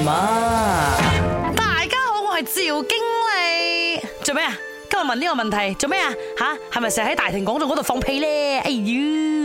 媽，媽媽大家好，我係趙經理。做咩啊？今日問呢個問題做咩啊？吓，係咪成日喺大庭廣眾嗰度放屁咧？哎呦！